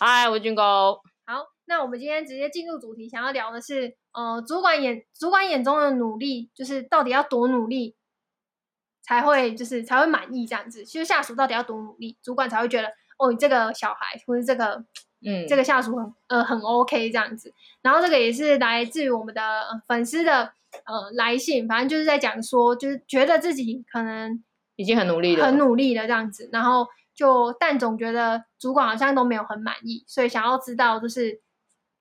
嗨，我是俊高。好，那我們今天直接進入主題，想要聊的是，呃，主管眼主管眼中的努力，就是到底要多努力才會就是才會滿意這樣子。其實下屬到底要多努力，主管才會覺得，哦，你這個小孩或者這個，嗯，這個下屬很、嗯、呃很 OK 這樣子。然後這個也是來自於我們的、呃、粉絲的呃來信，反正就是在講說，就是覺得自己可能。已經很努力了，很努力了這樣子，然後就但總覺得主管好像都沒有很滿意，所以想要知道就是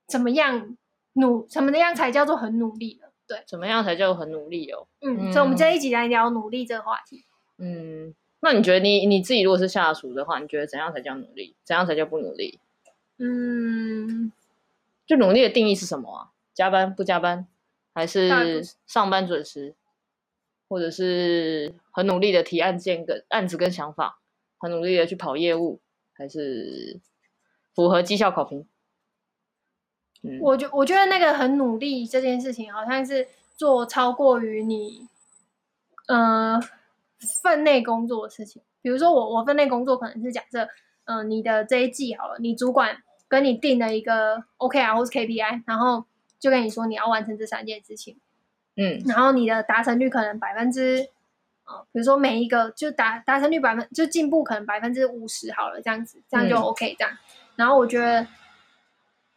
怎麼樣努，怎麼樣才叫做很努力的，對？怎麼樣才叫很努力哦？嗯，嗯，所以我們今天一起來聊努力這個話題。嗯，嗯，那你覺得你你自己如果是下屬的話，你覺得怎樣才叫努力？怎樣才叫不努力？嗯，就努力的定義是什麼啊？加班不加班，還是上班準時？或者是很努力的提案件跟案子跟想法，很努力的去跑業務，還是符合績效考評？嗯、我覺我覺得那個很努力這件事情，好像是做超過於你，嗯、呃，分內工作的事情。比如說我我分內工作可能是假設，嗯、呃，你的這一季好了，你主管跟你定了一個 OKR 或是 KPI，然後就跟你說你要完成這三件事情。嗯，然後你的達成率可能百分之，哦、比如說每一個就達達成率百分就進步可能百分之五十好了，這樣子，這樣就 OK、嗯、這樣。然後我覺得，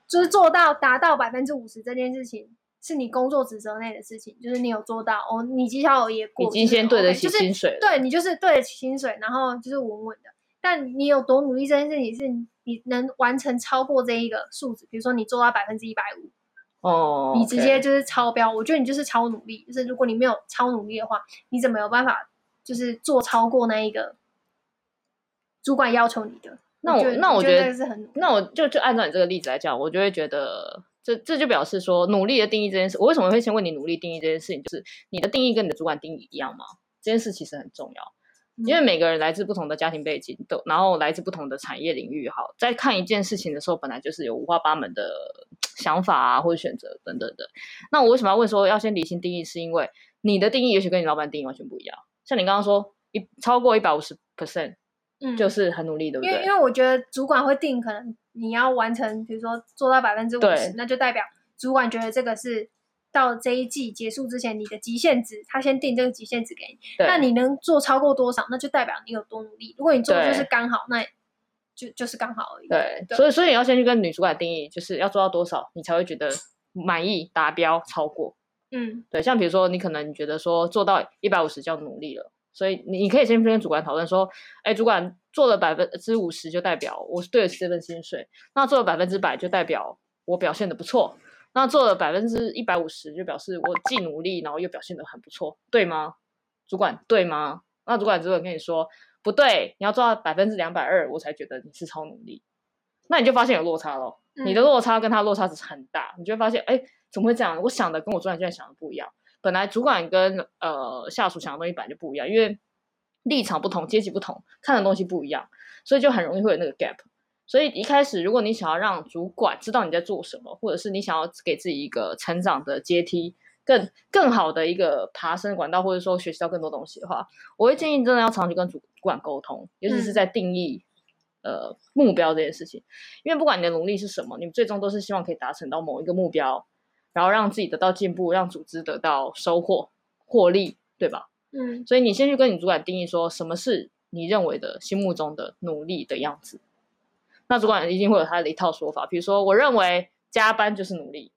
就是做到達到百分之五十這件事情，是你工作職責內的事情，就是你有做到，哦，你績效也過，你今天對得起薪水、就是、對你就是對得起薪水，然後就是穩穩的。但你有多努力這件事情，你是你能完成超過這一個數字，比如說你做到百分之一百五。哦、oh, okay.，你直接就是超標，我覺得你就是超努力。就是如果你沒有超努力的話，你怎麼有辦法就是做超過那一個主管要求你的？那我那我覺得，我覺得是很，那我就就按照你這個例子來講，我就會覺得這這就，就表示說努力的定義這件事，我為什麼會先問你努力定義這件事情？就是你的定義跟你的主管定義一樣嗎？這件事其實很重要。因為每個人來自不同的家庭背景，都、嗯、然後來自不同的產業領域，好，在看一件事情的時候，本來就是有五花八門的想法啊，或者選擇等等的。那我為什麼要問說要先理性定義？是因為你的定義也許跟你老板定義完全不一樣。像你剛剛說一超過一百五十 percent，嗯，就是很努力、嗯，對不對？因為因為我覺得主管會定，可能你要完成，比如說做到百分之五十，那就代表主管覺得這個是。到這一季結束之前，你的極限值，他先定這個極限值給你。對。那你能做超過多少，那就代表你有多努力。如果你做的就是剛好，那就就是剛好而已對。對。所以，所以你要先去跟女主管定義，就是要做到多少，你才會覺得滿意、達標、超過。嗯。對，像比如說，你可能你覺得說做到一百五十就要努力了，所以你你可以先跟主管討論說，哎、欸，主管做了百分之五十，就代表我是對得起這份薪水，那做了百分之百，就代表我表現得不錯。那做了百分之一百五十，就表示我既努力，然後又表現得很不錯，對嗎？主管對嗎？那主管主管跟你說不對，你要做到百分之兩百二，我才覺得你是超努力。那你就發現有落差咯你的落差跟他落差值是很大，嗯，你就發現哎，怎麼會這樣？我想的跟我主管現在想的不一樣。本來主管跟呃下屬想的東西本來就不一樣，因為立場不同、階級不同、看的東西不一樣，所以就很容易會有那個 gap。所以一開始，如果你想要讓主管知道你在做什麼，或者是你想要給自己一個成長的階梯更、更更好的一個爬升管道，或者說學習到更多東西的話，我會建議真的要長期跟主管溝通，尤其是在定義、嗯、呃目標這件事情，因為不管你的努力是什麼，你們最終都是希望可以達成到某一個目標，然後讓自己得到進步，讓組織得到收穫獲利，對吧？嗯，所以你先去跟你主管定義說什麼是你認為的心目中的努力的樣子。那主管一定會有他的一套說法，比如說我認為加班就是努力，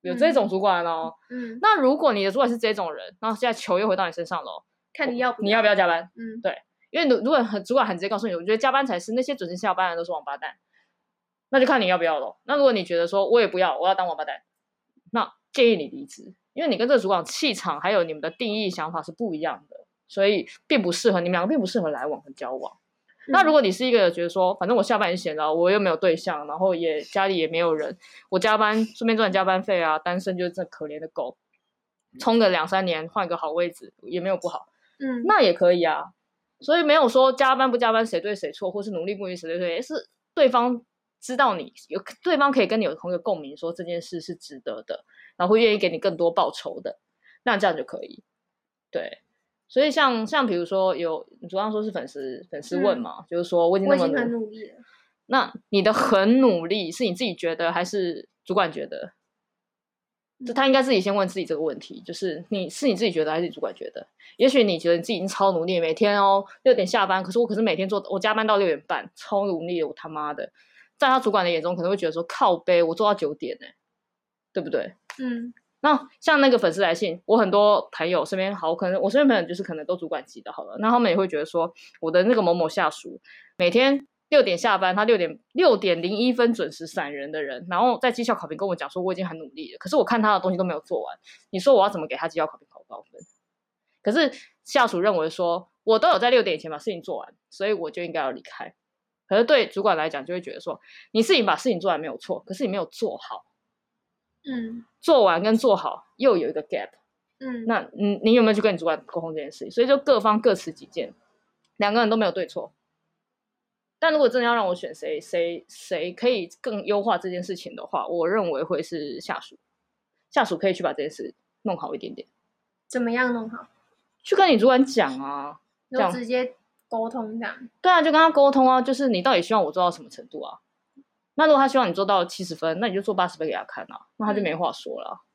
有這種主管哦。嗯。那如果你的主管是這種人，那現在球又回到你身上咯。看你要不要，你要不要加班？嗯，對，因為如如果主管很直接告訴你，我覺得加班才是，那些準時下班的都是王八蛋，那就看你要不要咯。那如果你覺得說我也不要，我要當王八蛋，那建議你離職，因為你跟這個主管氣場還有你們的定義想法是不一樣的，所以並不適合，你們兩個並不適合來往和交往。那如果你是一個人覺得說，反正我下班也閒着，我又沒有對象，然後也家裡也沒有人，我加班順便賺加班費啊，單身就是這可憐的狗，衝個兩三年，換個好位置也沒有不好，嗯，那也可以啊。所以沒有說加班不加班誰對誰錯，或是努力不努力誰對誰，是對方知道你，有，對方可以跟你有同一個共鳴，說這件事是值得的，然後願意給你更多報酬的，那這樣就可以，對。所以像像比如說有，你主要說是粉絲粉絲問嘛、嗯，就是說問那麼我已經很努力了？那你的很努力是你自己覺得還是主管覺得？就他應該自己先問自己這個問題，就是你是你自己覺得還是主管覺得？也許你覺得你自己已經超努力，每天哦六點下班，可是我可是每天做我加班到六點半，超努力的，我他媽的，在他主管的眼中可能會覺得說靠背，我做到九點呢、欸，對不對？嗯。那像那個粉絲來信，我很多朋友身邊好，可能我身邊朋友就是可能都主管級的，好了，那他們也會覺得說，我的那個某某下屬，每天六點下班，他六點六點零一分準時閃人的人，然後在績效考評跟我講說，我已經很努力了，可是我看他的東西都沒有做完，你說我要怎麼給他績效考評考高分？可是下屬認為說，我都有在六點以前把事情做完，所以我就應該要離開。可是對主管來講，就會覺得說，你是你把事情做完沒有錯，可是你沒有做好。嗯，做完跟做好又有一個 gap，嗯，那你你有沒有去跟你主管溝通這件事情？所以就各方各持己見，兩個人都沒有對錯。但如果真的要讓我選誰，誰誰可以更優化這件事情的話，我認為會是下屬，下屬可以去把這件事弄好一點點。怎麼樣弄好？去跟你主管講啊，就直接溝通這樣。對啊，就跟他溝通啊，就是你到底希望我做到什麼程度啊？那如果他希望你做到七十分，那你就做八十分給他看啊，那他就沒話說了。嗯，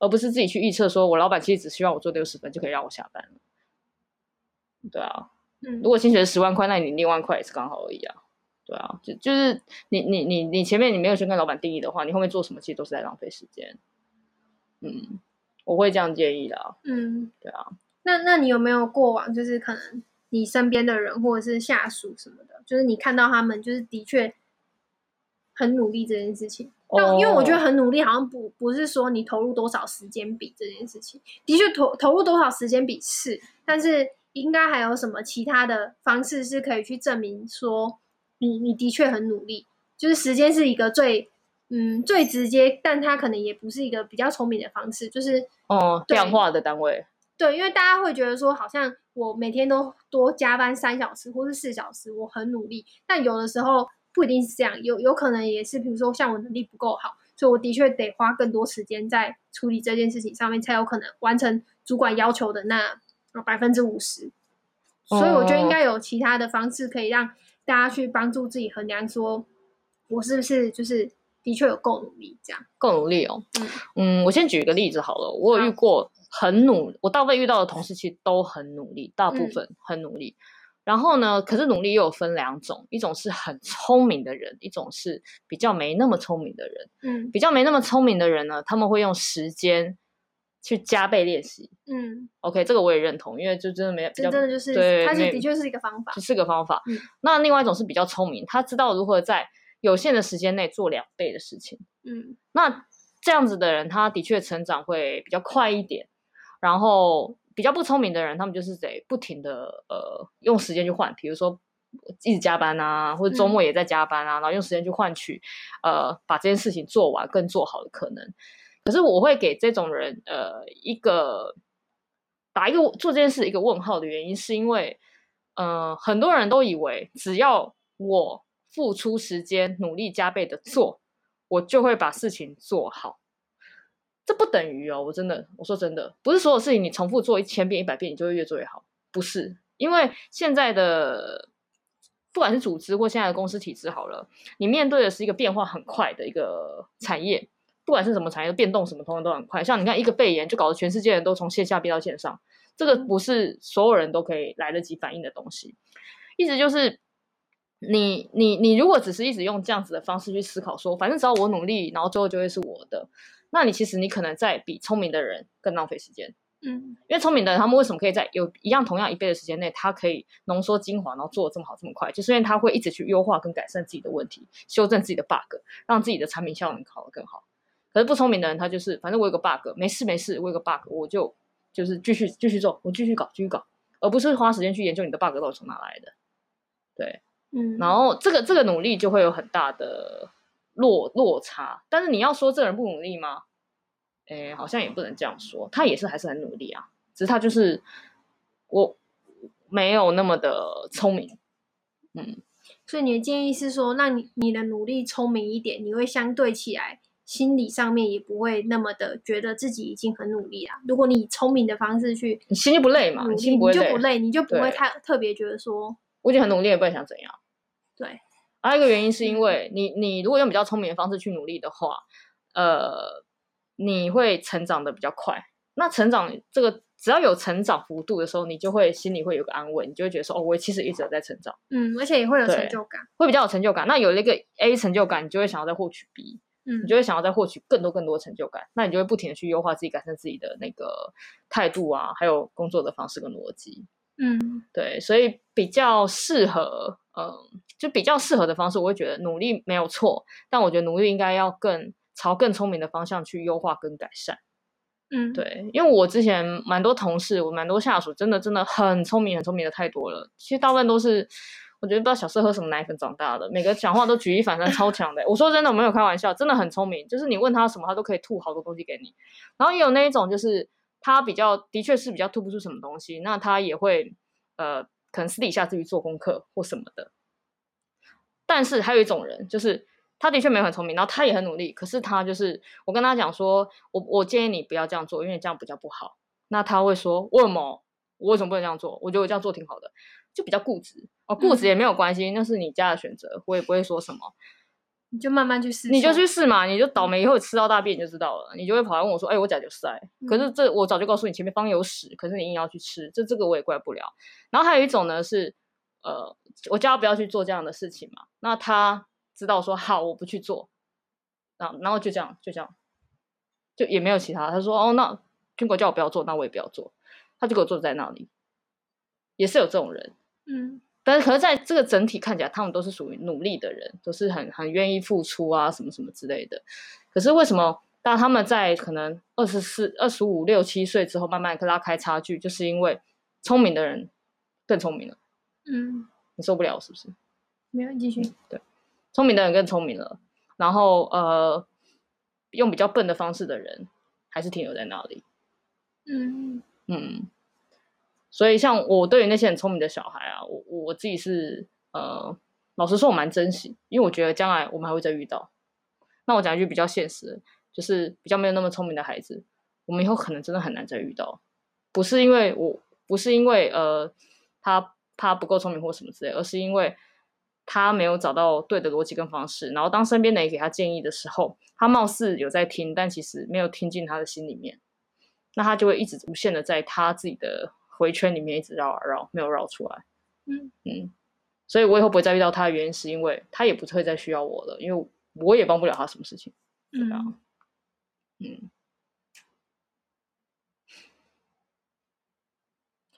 而不是自己去預測說，我老闆其實只希望我做六十分就可以讓我下班，對啊，嗯、如果薪水十萬塊，那你六萬塊也是剛好而已啊。對啊，就就是你你你你前面你沒有去跟老闆定義的話，你後面做什麼其實都是在浪費時間。嗯，我會這樣建議的。啊。嗯，對啊。那那你有沒有過往就是可能你身邊的人或者是下屬什麼的，就是你看到他們就是的確。很努力這件事情，oh. 但因為我覺得很努力好像不不是說你投入多少時間比這件事情，的確投投入多少時間比是，但是應該還有什麼其他的方式是可以去證明說你你的確很努力，就是時間是一個最嗯最直接，但它可能也不是一個比較聰明的方式，就是哦 oh. 量化的單位，對，因為大家會覺得說好像我每天都多加班三小時或是四小時，我很努力，但有的時候。不一定是這樣，有有可能也是，比如說像我能力不夠好，所以我的確得花更多時間在處理這件事情上面，才有可能完成主管要求的那百分之五十。Oh. 所以我覺得應該有其他的方式可以讓大家去幫助自己衡量，說我是不是就是的確有夠努力，這樣夠努力哦。嗯，嗯，我先舉一個例子好了，我有遇過很努力，我大部分遇到的同事其實都很努力，大部分很努力。嗯然後呢，可是努力又有分兩種，一種是很聰明的人，一種是比較沒那麼聰明的人。嗯，比較沒那麼聰明的人呢，他們會用時間去加倍練習。嗯，OK，這個我也認同，因為就真的沒有，這真的就是對，它是的確是一個方法，就是個方法，嗯。那另外一種是比較聰明，他知道如何在有限的時間內做兩倍的事情。嗯，那這樣子的人，他的確成長會比較快一點。然後。比較不聰明的人，他們就是得不停的呃用時間去換，比如說一直加班啊，或者周末也在加班啊，嗯，然後用時間去換取呃把這件事情做完更做好的可能。可是我會給這種人呃一個，打一個，做這件事一個問號的原因，是因為嗯、呃、很多人都以為只要我付出時間努力加倍的做，我就會把事情做好。這不等於哦，我真的，我說真的，不是所有事情你重複做一千遍、一百遍，你就會越做越好。不是，因為現在的不管是組織或現在的公司體制好了，你面對的是一個變化很快的一個產業，不管是什麼產業，變動什麼通常都很快。像你看，一個肺炎就搞得全世界人都從線下變到線上，這個不是所有人都可以來得及反應的東西。意思就是，你你你如果只是一直用這樣子的方式去思考說，說反正只要我努力，然後最後就會是我的。那你其實你可能在比聰明的人更浪費時間，嗯，因為聰明的人他們為什麼可以在有一樣同樣一倍的時間內，他可以濃縮精華，然後做得這麼好這麼快，就是因為他會一直去優化跟改善自己的問題，修正自己的 bug，讓自己的產品效能考得更好。可是不聰明的人，他就是反正我有個 bug，沒事沒事，我有個 bug，我就就是繼續繼續做，我繼續搞繼續搞，而不是花時間去研究你的 bug 都從哪來的，對，嗯，然後這個這個努力就會有很大的。落落差，但是你要說這人不努力嗎？哎、欸，好像也不能這樣說，他也是還是很努力啊。只是他就是我沒有那麼的聰明，嗯。所以你的建議是說，讓你你的努力聰明一點，你會相對起來心理上面也不會那麼的覺得自己已經很努力了。如果你以聰明的方式去，你心就不累嘛，你心就不累，你就不，你就不會太特特別覺得說我已經很努力，也不會想怎樣。對。還有一個原因，是因為你，你如果用比較聰明的方式去努力的話，呃，你會成長的比較快。那成長這個，只要有成長幅度的時候，你就會心裡會有個安慰，你就會覺得說，哦，我其實一直在成長。嗯，而且也會有成就感，會比較有成就感。那有了一個 A 成就感，你就會想要再獲取 B，嗯，你就會想要再獲取更多更多成就感。那你就會不停的去優化自己，改善自己的那個態度啊，還有工作的方式跟邏輯。嗯，對，所以比較適合。嗯、呃，就比較適合的方式，我會覺得努力沒有錯，但我覺得努力應該要更朝更聰明的方向去優化跟改善。嗯，對，因為我之前蠻多同事，我蠻多下屬，真的真的很聰明，很聰明的太多了。其實大部分都是，我覺得不知道小時候喝什麼奶粉長大的，每個講話都舉一反三超、欸，超強的。我說真的，我沒有開玩笑，真的很聰明。就是你問他什麼，他都可以吐好多東西給你。然後也有那一種，就是他比較的確是比較吐不出什麼東西，那他也會呃。可能私底下自己做功課或什麼的，但是還有一種人，就是他的確沒有很聰明，然後他也很努力，可是他就是我跟他講說，我我建議你不要這樣做，因為這樣比較不好。那他會說為什麼？我為什麼不能這樣做？我覺得我這樣做挺好的，就比較固執。哦，固執也沒有關係，那是你家的選擇，我也不會說什麼。嗯你就慢慢去試，你就去試嘛，你就倒霉以後吃到大便你就知道了。嗯，你就會跑來問我說，哎，我腳就塞，可是這我早就告訴你前面方有屎，可是你硬要去吃，這這個我也怪不了。然後還有一種呢是，呃，我叫他不要去做這樣的事情嘛，那他知道說好，我不去做，然後，然後就這樣就這樣，就也沒有其他，他說哦，那 Jingle 叫我不要做，那我也不要做，他就給我坐在那裡，也是有這種人，嗯。但是，可是在這個整體看起來，他們都是屬於努力的人，都是很很願意付出啊，什麼什麼之類的。可是為什麼？當他們在可能二十四、二十五、六七歲之後，慢慢拉開差距，就是因為聰明的人更聰明了。嗯，你受不了是不是？沒有，繼續。嗯，對，聰明的人更聰明了，然後呃，用比較笨的方式的人還是停留在那裡。嗯嗯。所以，像我對於那些很聰明的小孩啊，我我自己是呃，老實說，我蠻珍惜，因為我覺得將來我們還會再遇到。那我講一句比較現實，就是比較沒有那麼聰明的孩子，我們以後可能真的很難再遇到。不是因為我不是因為呃，他他不夠聰明或什麼之類，而是因為他沒有找到對的邏輯跟方式。然後當身邊的人給他建議的時候，他貌似有在聽，但其實沒有聽進他的心裡面。那他就會一直無限的在他自己的。回圈裡面一直繞啊繞，沒有繞出來。嗯嗯，所以我以後不會再遇到他的原因，是因為他也不會再需要我了，因為我也幫不了他什麼事情。嗯嗯，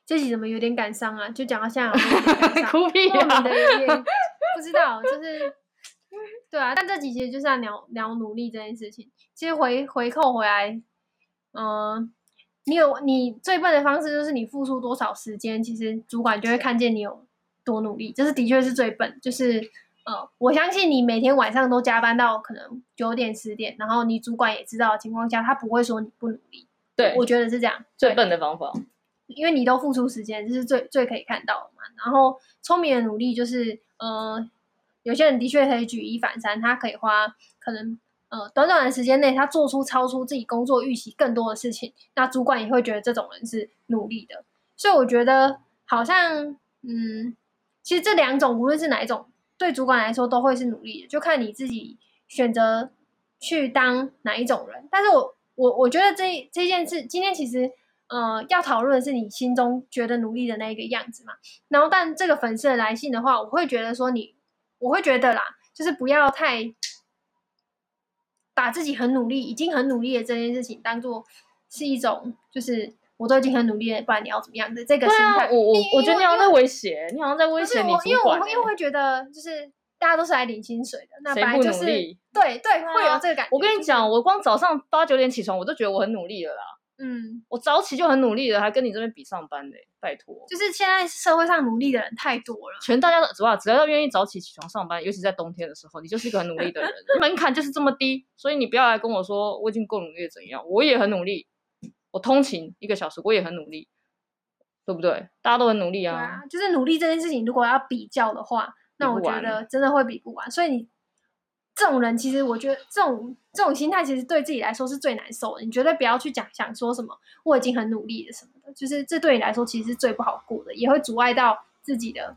這集怎麼有點感傷啊？就講到現在有點 哭屁啊，有點不知道，就是 對啊。但這幾集就是要聊聊努力這件事情。其實回回扣回來，嗯。你有你最笨的方式，就是你付出多少時間，其實主管就會看見你有多努力。這、就是的確是最笨，就是呃，我相信你每天晚上都加班到可能九點十點，然後你主管也知道的情況下，他不會說你不努力。對，我覺得是這樣。最笨的方法，因為你都付出時間，這、就是最最可以看到的嘛。然後聰明的努力就是，嗯、呃、有些人的確可以舉一反三，他可以花可能。呃，短短的時間內，他做出超出自己工作預期更多的事情，那主管也會覺得這種人是努力的。所以我覺得，好像，嗯，其實這兩種，無論是哪一種，對主管來說都會是努力的，就看你自己選擇去當哪一種人。但是我，我，我覺得這這件事，今天其實，呃，要討論的是你心中覺得努力的那一個樣子嘛。然後，但這個粉絲的來信的話，我會覺得說你，我會覺得啦，就是不要太。把自己很努力，已經很努力的這件事情當做是一種，就是我都已經很努力了，不然你要怎麼樣的這個心態？啊、我我我覺得你好像在威脅，你好像在威脅你，我你因為我因為我會覺得，就是大家都是來領薪水的，那本來就是對對，對，會有這個感覺。我跟你講、就是，我光早上八九點起床，我都覺得我很努力了啦。嗯，我早起就很努力了，還跟你這邊比上班呢、欸。拜託。就是現在社會上努力的人太多了，全大家都，只要只要願意早起起床上班，尤其在冬天的時候，你就是一個很努力的人， 門檻就是這麼低，所以你不要來跟我說我已經夠努力了怎樣，我也很努力，我通勤一個小時，我也很努力，對不對？大家都很努力啊。對啊，就是努力這件事情，如果要比較的話，那我覺得真的會比不完，所以你。這種人其實，我覺得這種這種心態其實對自己來說是最難受的。你絕對不要去講，想說什麼？我已經很努力了，什麼的，就是這對你來說其實是最不好過的，也會阻礙到自己的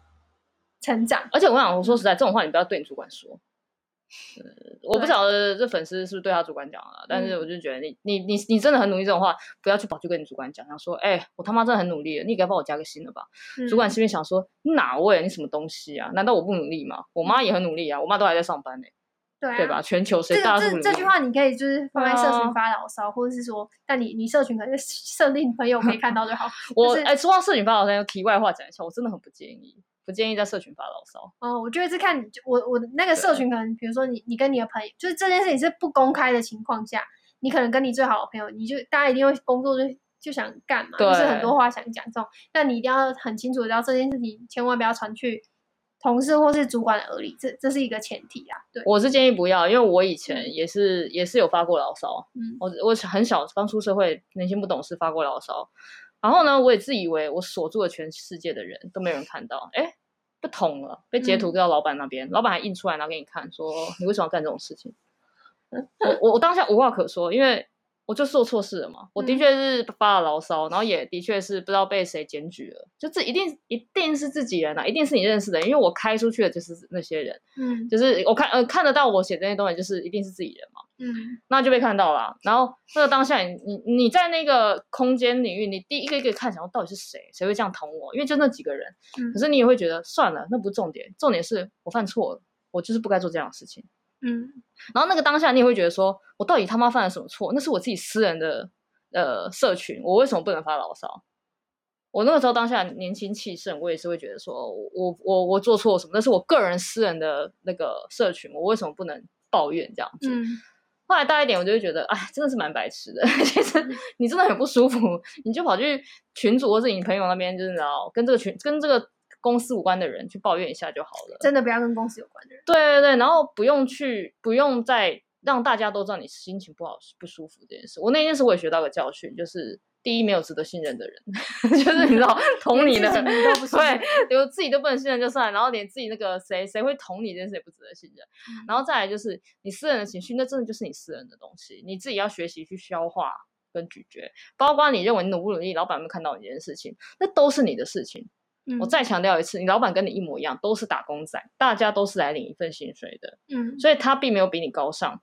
成長。而且我想，我說實在，這種話你不要對你主管說。呃、我不曉得這粉絲是不是對他主管講了，但是我就覺得你、嗯，你你你你真的很努力，這種話不要去跑去跟你主管講，想說，哎、欸，我他媽真的很努力了，你該幫我加個薪了吧？嗯、主管心裡想說，哪位？你什麼東西啊？難道我不努力嗎？我媽也很努力啊，我媽都還在上班呢、欸。對,啊、對吧？全球誰大什這這,這句話你可以就是放在社群發牢騷、啊，或者是說，但你你社群可能設定朋友可以看到就好。 我但是哎，說到社群發牢騷，用題外話講一下，我真的很不建議，不建議在社群發牢騷。哦，我就一直看，就我我那個社群可能，比如說你你跟你的朋友，就是這件事情是不公開的情況下，你可能跟你最好的朋友，你就大家一定會工作就就想幹嘛，就是很多話想講這種，但你一定要很清楚，知道這件事情千萬不要傳去。同事或是主管而已，這這是一個前提啊。對，我是建議不要，因為我以前也是，嗯、也是有發過牢騷。嗯，我我很小剛出社會，年輕不懂事，發過牢騷。然後呢，我也自以為我鎖住了，全世界的人都沒有人看到，哎，不同了，被截圖到老闆那邊，嗯，老闆還印出來拿給你看，說你為什麼要幹這種事情。 我我我當下無話可說，因為。我就做錯事了嘛，我的確是發了牢騷，嗯，然後也的確是不知道被誰檢舉了，就這一定一定是自己人啊，一定是你認識的，因為我開出去的就是那些人，嗯，就是我看呃看得到我寫的那些東西，就是一定是自己人嘛，嗯，那就被看到了，啊，然後那個當下你你，你在那個空間領域，你第一個一個看想到底是誰誰會這樣捅我，因為就那幾個人，嗯，可是你也會覺得算了，那不是重點，重點是我犯錯了，我就是不該做這樣的事情。嗯，然後那個當下，你也會覺得說，我到底他媽犯了什麼錯？那是我自己私人的呃社群，我為什麼不能發牢騷？我那個時候當下年輕氣盛，我也是會覺得說，我我我做錯什麼？那是我個人私人的那個社群，我為什麼不能抱怨這樣子？子、嗯。後來大一點，我就會覺得，哎，真的是蠻白痴的。其實你真的很不舒服，你就跑去群主或是你朋友那邊，就是知道跟這個群跟這個。公司無關的人去抱怨一下就好了，真的不要跟公司有關的人。對對對，然後不用去，不用再讓大家都知道你心情不好、不舒服這件事。我那件事我也學到個教訓，就是第一，沒有值得信任的人， 就是你知道，捅你的 你都不舒服。對，比如自己都不能信任，就算，然後連自己那個誰誰會捅你這件事也不值得信任。嗯、然後再來就是你私人的情緒，那真的就是你私人的東西，你自己要學習去消化跟咀嚼，包括你認為努不努力，老闆沒看到你這件事情，那都是你的事情。我再強調一次，你老板跟你一模一樣，都是打工仔，大家都是來領一份薪水的。嗯，所以他並沒有比你高尚，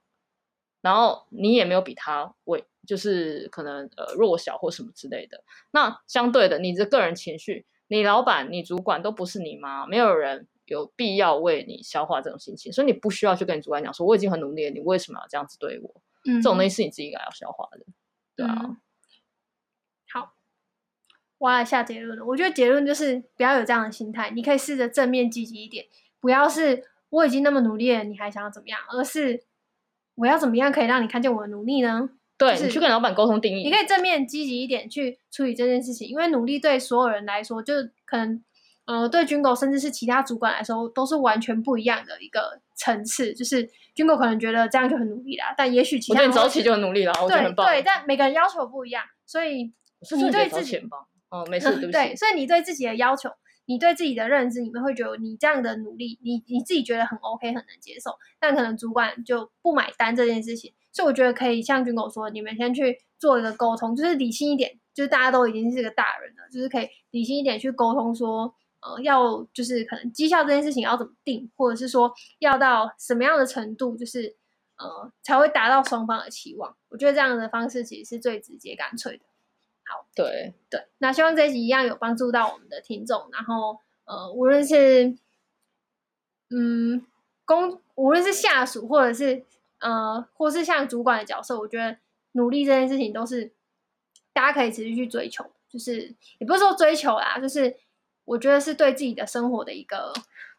然後你也沒有比他為就是可能呃弱小或什麼之類的。那相對的，你的個人情緒，你老板、你主管都不是你媽，沒有人有必要為你消化這種心情，所以你不需要去跟你主管講說我已經很努力了，你為什麼要這樣子對我？嗯，這種東西是你自己應該要消化的，對啊。嗯我來下結論了，我覺得結論就是不要有這樣的心態，你可以試着正面積極一點，不要是我已經那麼努力了，你還想要怎麼樣，而是我要怎麼樣可以讓你看見我的努力呢？對，就是、你去,對你去跟老板溝通定義，你可以正面積極一點去處理這件事情，因為努力對所有人來說，就可能，呃，對 Jingle 甚至是其他主管來說，都是完全不一樣的一個層次。就是 Jingle 可能覺得這樣就很努力啦，但也許其他人早起就很努力了，對對，但每個人要求不一樣，所以所以自己。哦，沒事對不、嗯，對，所以你對自己的要求，你對自己的認知，你們會覺得你這樣的努力，你你自己覺得很 OK，很能接受，但可能主管就不買單這件事情。所以我覺得可以像 Jingle 說，你們先去做一個溝通，就是理性一點，就是大家都已經是個大人了，就是可以理性一點去溝通說，說呃，要就是可能績效這件事情要怎麼定，或者是說要到什麼樣的程度，就是呃才會達到雙方的期望。我覺得這樣的方式其實是最直接、乾脆的。好，對對，那希望這一集一樣有幫助到我們的聽眾。然後，呃，無論是，嗯，公，無論是下屬或者是呃，或是像主管的角色，我覺得努力這件事情都是大家可以持續去追求，就是也不是說追求啦，就是我覺得是對自己的生活的一個。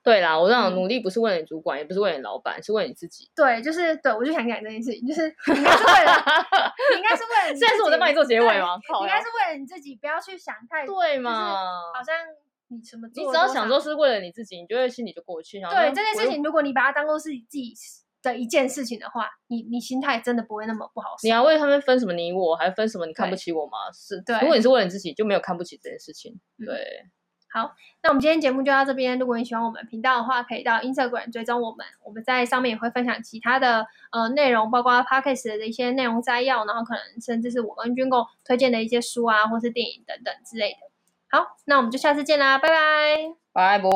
對啦，我這樣努力不是為了你主管，嗯、也不是為了你老闆，是為了你自己。對，就是對，我就想講這件事情，就是你應該是為了， 你應該是為了你， 現在是我在幫你做結尾嗎？應該是為了你自己，不要去想太多對嘛，就是，好像你什麼都，你只要想說是為了你自己，你就會心裡就過去。這對這件事情，如果你把它當做是你自己的一件事情的話，你你心態真的不會那麼不好。你要為他們分什麼你我還分什麼？你看不起我嗎？是，對。如果你是為了你自己，就沒有看不起這件事情。對。嗯好，那我們今天節目就到這邊。如果你喜歡我們頻道的話，可以到 Instagram 追蹤我們。我們在上面也會分享其他的呃內容，包括 podcast 的一些內容摘要，然後可能甚至是我跟軍購推薦的一些書啊，或是電影等等之類的。好，那我們就下次見啦，拜拜，拜拜。